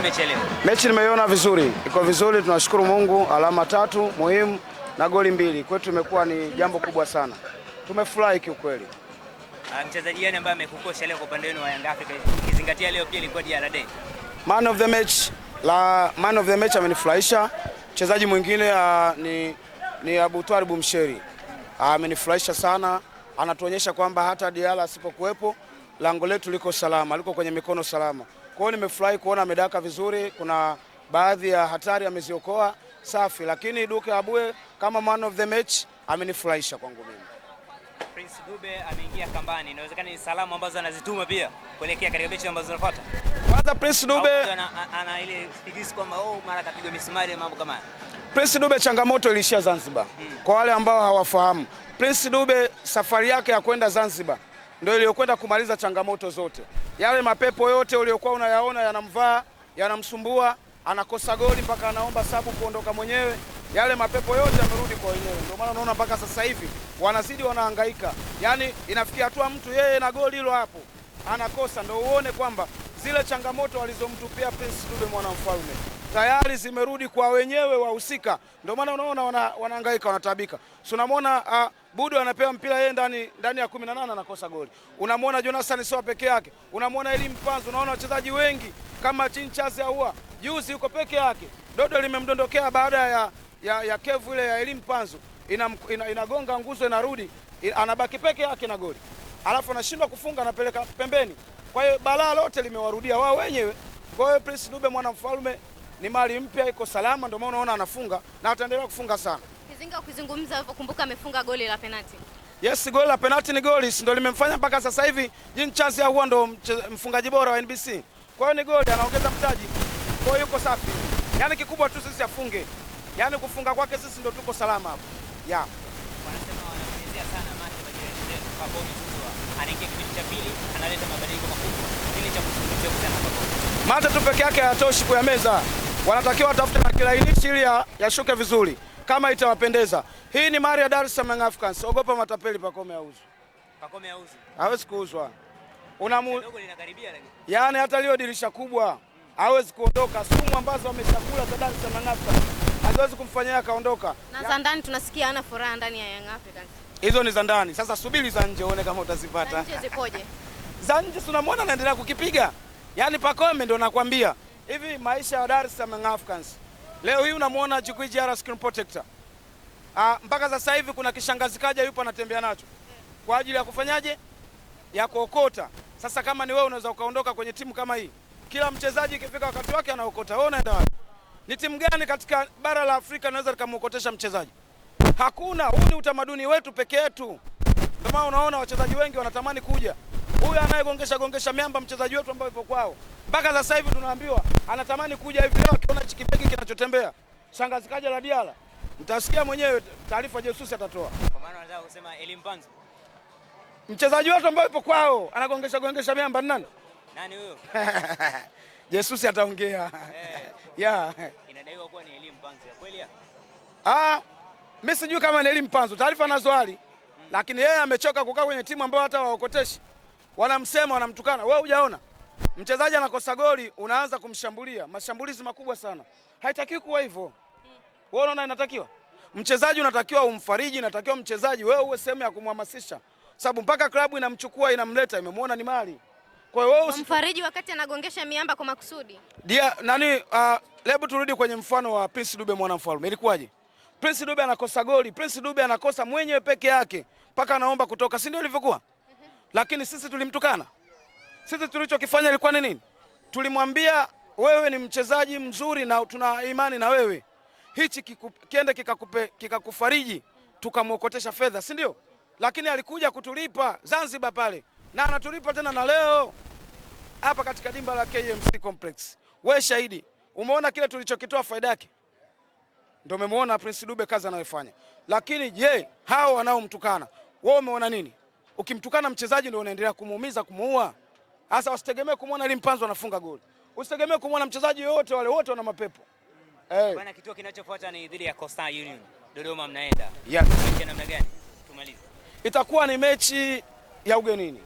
umeionaje mechi leo? Mechi nimeiona vizuri, iko vizuri, tunashukuru Mungu, alama tatu muhimu na goli mbili kwetu imekuwa ni jambo kubwa sana, tumefurahi kiukweli. Ah, mchezaji gani ambaye amekukosha leo kwa upande wenu wa Yanga Africa, ukizingatia leo pia ilikuwa DR Day? Man of the match la man of the match amenifurahisha. Mchezaji mwingine uh, ni, ni Abu Twaribu Msheri ah, amenifurahisha uh, sana, anatuonyesha kwamba hata Diala asipokuwepo lango letu liko salama, liko kwenye mikono salama. Kwa hiyo nimefurahi kuona amedaka vizuri, kuna baadhi ya hatari ameziokoa, safi. Lakini Duke Abue kama man of the match amenifurahisha kwangu mimi. Prince Dube ameingia kambani, inawezekana ni salamu ambazo anazituma pia kuelekea katika mechi ambazo zinafuata. Kwanza Prince Dube ana ile fikisi kwamba oh, mara kapigwa misumari mambo kama haya. Prince Dube changamoto ilishia Zanzibar. Hmm. Kwa wale ambao hawafahamu, Prince Dube safari yake ya kwenda Zanzibar ndio iliyokwenda kumaliza changamoto zote. Yale mapepo yote uliyokuwa unayaona yanamvaa, yanamsumbua, anakosa goli mpaka anaomba sabu kuondoka mwenyewe, yale mapepo yote yamerudi kwa wenyewe. Ndio maana unaona mpaka sasa hivi wanazidi wanahangaika, yaani inafikia hatua mtu yeye na goli hilo hapo anakosa, ndio uone kwamba zile changamoto alizomtupia Prince Dube mwanamfalme tayari zimerudi kwa wenyewe wahusika, ndio maana unaona wanahangaika, wanataabika. Si unamwona uh, Budo anapewa mpira yeye ndani ndani ya 18 anakosa goli. Unamwona Jonathan Soa peke yake, unamwona Elim Panzu, unaona wachezaji wengi kama Chinchaze aua juzi yuko peke yake, dodo limemdondokea baada ya, ya, ya kevu ile ya Elim Inagonga ina, ina, inagonga nguzo inarudi ina, anabaki peke yake na goli, alafu anashindwa kufunga, anapeleka pembeni. Kwa hiyo balaa lote limewarudia wao wenyewe. Kwa hiyo Prince Dube mfalme ni mali mpya, iko salama, ndio maana unaona anafunga na ataendelea kufunga sana. Kizinga, ukizungumza hapo, kumbuka amefunga goli la penalti. Yes, goli la penalti ni goli, ndio limemfanya mpaka sasa hivi Jean Charles Ahoua ndio mfungaji bora wa NBC. Kwa hiyo ni goli, anaongeza mtaji, kwa hiyo yuko safi. Yaani kikubwa tu sisi afunge, yaani kufunga kwake sisi ndio tuko salama hapo yeah. Mate tu peke yake hayatoshi kuyameza wanatakiwa watafute makilainishi ili yashuke ya vizuri kama itawapendeza. Hii ni mali ya Dar es Salaam Africans. Ogopa matapeli, Pacome auzu, Pacome auzu, hawezi kuuzwa unamu... yaani hata liyo dirisha kubwa hawezi kuondoka. Sumu ambazo wamechakula za Dar es Salaam Africans haziwezi kumfanyia akaondoka. Na za ndani tunasikia ana furaha ndani ya Young Africans. Hizo ni za ndani, sasa subiri za nje uone kama utazipata. Za nje zikoje? Za nje tunamwona anaendelea kukipiga, yaani Pacome ndo nakwambia hivi maisha ya Dar es Salaam Africans. Leo hii unamwona Djigui ara screen protector. Ah, mpaka sasa hivi kuna kishangazi kaja yupo anatembea nacho kwa ajili ya kufanyaje? Ya kuokota. Sasa kama ni wewe unaweza ukaondoka kwenye timu kama hii. Kila mchezaji ikifika wakati wake anaokota. Wewe unaenda wapi? Ni timu gani katika bara la Afrika naweza likamwokotesha mchezaji? Hakuna. Huu ni utamaduni wetu peke yetu. Kama unaona wachezaji wengi wanatamani kuja huyu anayegongesha gongesha miamba, mchezaji wetu ambaye yupo kwao mpaka sasa hivi tunaambiwa anatamani kuja hivi leo, akiona hichi kibegi kinachotembea shangazi kaja la Diala. Mtasikia mwenyewe taarifa, Jesusi atatoa. Kwa maana wanataka kusema elimu panzo. mchezaji wetu ambaye yupo kwao anagongesha gongesha miamba, ni nani? Nani huyo? Jesusi ataongea. Eh. Ya. Hey, Yeah. Inadaiwa kuwa ni elimu panzo ya kweli? ya? Ah, mimi sijui kama ni elimu panzo. taarifa nazo hali, hmm. lakini yeye amechoka kukaa kwenye timu ambayo hata waokoteshi wanamsema, wanamtukana. Wewe hujaona mchezaji anakosa goli, unaanza kumshambulia mashambulizi makubwa sana. Haitakiwi kuwa hivyo. Wewe unaona inatakiwa mchezaji, unatakiwa umfariji, unatakiwa mchezaji wewe uwe sehemu ya kumhamasisha, sababu mpaka klabu inamchukua inamleta, imemwona ni mali. Kwa hiyo wewe umfariji wakati anagongesha miamba kwa makusudi. Dia nani? Uh, ah, lebu turudi kwenye mfano wa Prince Dube mwana mfalme, ilikuwaje? Prince Dube anakosa goli, Prince Dube anakosa mwenyewe peke yake mpaka anaomba kutoka, si ndio ilivyokuwa? lakini sisi tulimtukana. Sisi tulichokifanya ilikuwa ni nini? Tulimwambia wewe ni mchezaji mzuri na tuna imani na wewe, hichi kiku, kikakupe kikakufariji kika tukamwokotesha fedha, si ndio? Lakini alikuja kutulipa Zanzibar pale na anatulipa tena na leo hapa katika dimba la KMC Complex. We shahidi, umeona kile tulichokitoa faida yake, ndio umemuona Prince Dube kazi anayofanya. Lakini je, hao wanaomtukana wao umeona nini? Ukimtukana mchezaji ndio unaendelea kumuumiza, kumuua. Sasa usitegemee kumwona Limpanzo anafunga goli, usitegemee kumwona mchezaji yoyote, wale wote wana mapepo. Hey. Eh. Bwana, kituo kinachofuata ni dhidi ya Coastal Union. Dodoma mnaenda. Yes. Namna gani? Tumalize. Itakuwa ni mechi ya ugenini.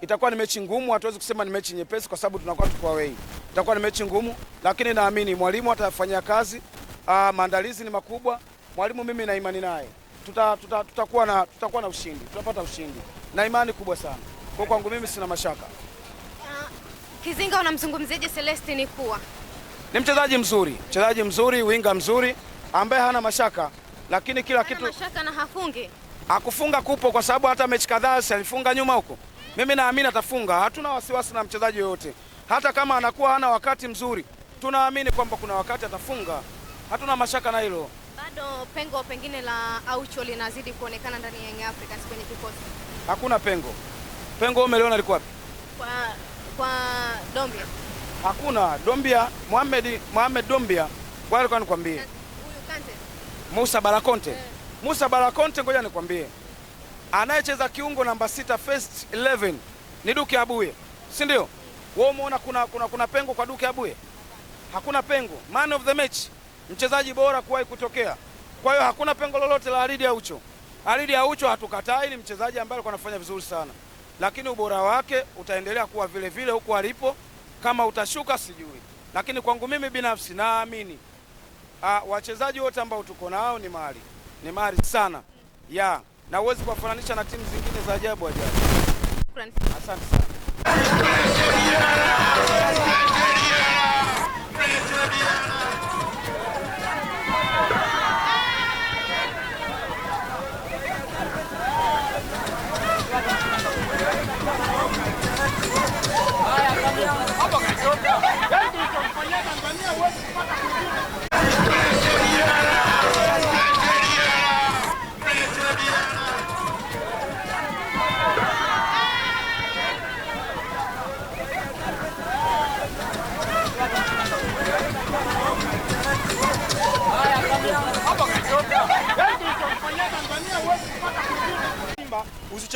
Itakuwa ni mechi ngumu, hatuwezi kusema ni mechi nyepesi kwa sababu tunakuwa tuko away. Itakuwa ni mechi ngumu, lakini naamini mwalimu atafanya kazi. Ah, maandalizi ni makubwa. Mwalimu mimi na imani naye. Tutakuwa tuta, tuta na tutakuwa na ushindi. Tutapata ushindi na imani kubwa sana kwa kwangu mimi sina mashaka. Uh, Kizinga unamzungumziaje Celeste kuwa Ni mchezaji mzuri, mchezaji mzuri, winga mzuri ambaye hana mashaka, lakini kila hana kitu mashaka na hafungi. akufunga kupo kwa sababu hata mechi kadhaa alifunga nyuma huko. Mimi naamini atafunga, hatuna wasiwasi na mchezaji yoyote, hata kama anakuwa hana wakati mzuri, tunaamini kwamba kuna wakati atafunga, hatuna mashaka na hilo. Bado pengo pengine la Aucho linazidi kuonekana ndani ya Young Africans kwenye kikosi hakuna pengo. Pengo umeliona liko wapi? Kwa, kwa Dombia hakuna. Dombia Mohamed Mohamed Dombia kwa alikuwa nikwambie, huyu Kante Musa Barakonte yeah. Musa Barakonte, ngoja nikwambie, anayecheza kiungo namba sita first 11 ni Duke Abuye, si ndio? Wewe umeona kuna, kuna, kuna pengo kwa Duke Abuye? Hakuna pengo. Man of the match, mchezaji bora kuwahi kutokea. Kwa hiyo hakuna pengo lolote la Aridi Aucho. Khalid Aucho hatukatai, ni mchezaji ambaye alikuwa anafanya vizuri sana, lakini ubora wake utaendelea kuwa vile vile huko alipo. Kama utashuka sijui, lakini kwangu mimi binafsi naamini ah, wachezaji wote ambao tuko nao ni mali, ni mali sana ya Na uwezi kuwafananisha na timu zingine za ajabu ajabu. Asante sana.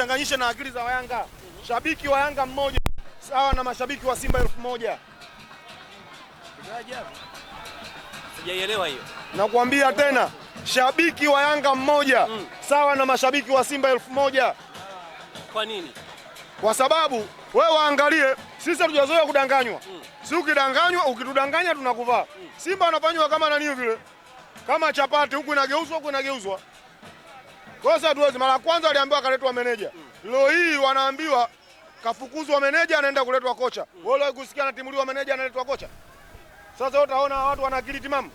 usichanganyishe na akili za Wayanga. Shabiki wa Yanga mmoja sawa na mashabiki wa Simba elfu moja. Sijaielewa hiyo. Nakwambia tena shabiki wa Yanga mmoja mm. sawa na mashabiki wa Simba elfu moja. Kwa nini? Kwa sababu wewe waangalie, sisi hatujazoea kudanganywa mm. Si ukidanganywa, ukitudanganya tunakuvaa mm. Simba wanafanywa kama nani vile, kama chapati, huku inageuzwa, huku inageuzwa kwa tuwezi hatuwezi. Mara kwanza waliambiwa akaletwa meneja, leo hii wanaambiwa kafukuzwa meneja, anaenda kuletwa kocha. Wewe leo kusikia anatimuliwa meneja, analetwa kocha. Sasa utaona watu wana akili timamu.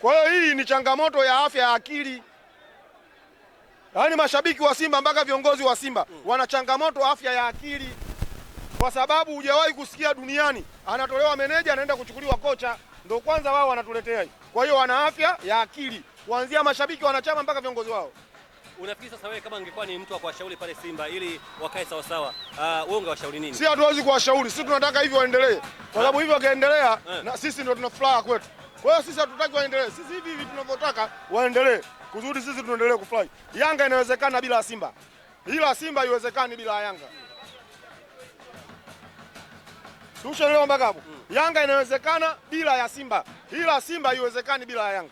Kwa hiyo hii ni changamoto ya afya ya akili. Yaani mashabiki wa Simba mpaka viongozi wa Simba wana changamoto afya ya akili kwa sababu hujawahi kusikia duniani anatolewa meneja anaenda kuchukuliwa kocha, ndo kwanza wao wanatuletea hii. Kwa hiyo wana afya ya akili kuanzia mashabiki, wanachama mpaka viongozi wao. Unafikiri sasa wewe kama ungekuwa ni mtu wa kuwashauri pale Simba ili wakae sawa sawa, uh, wewe ungewashauri nini? Si hatuwezi kuwashauri, sisi tunataka hivyo waendelee, kwa sababu eh. hivyo wakiendelea eh. na sisi ndio tuna furaha kwetu. Kwa hiyo sisi hatutaki waendelee, sisi hivi hivi tunavyotaka waendelee kuzuri, sisi tunaendelee kufurahi. Yanga inawezekana bila Simba, ila Simba haiwezekani bila Yanga. Tushelewa mpaka hapo. Yanga inawezekana bila ya Simba. Ila Simba haiwezekani bila ya Yanga.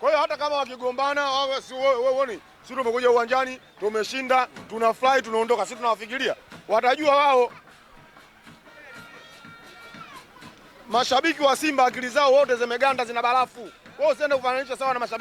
Kwa hiyo hata kama wakigombana wao si wewe uone, sisi tumekuja uwanjani, tumeshinda, tuna fly tunaondoka, sisi tunawafikiria. Watajua wao. Mashabiki wa Simba akili zao wote zimeganda zina barafu. Wao usiende kufananisha sawa na mashabiki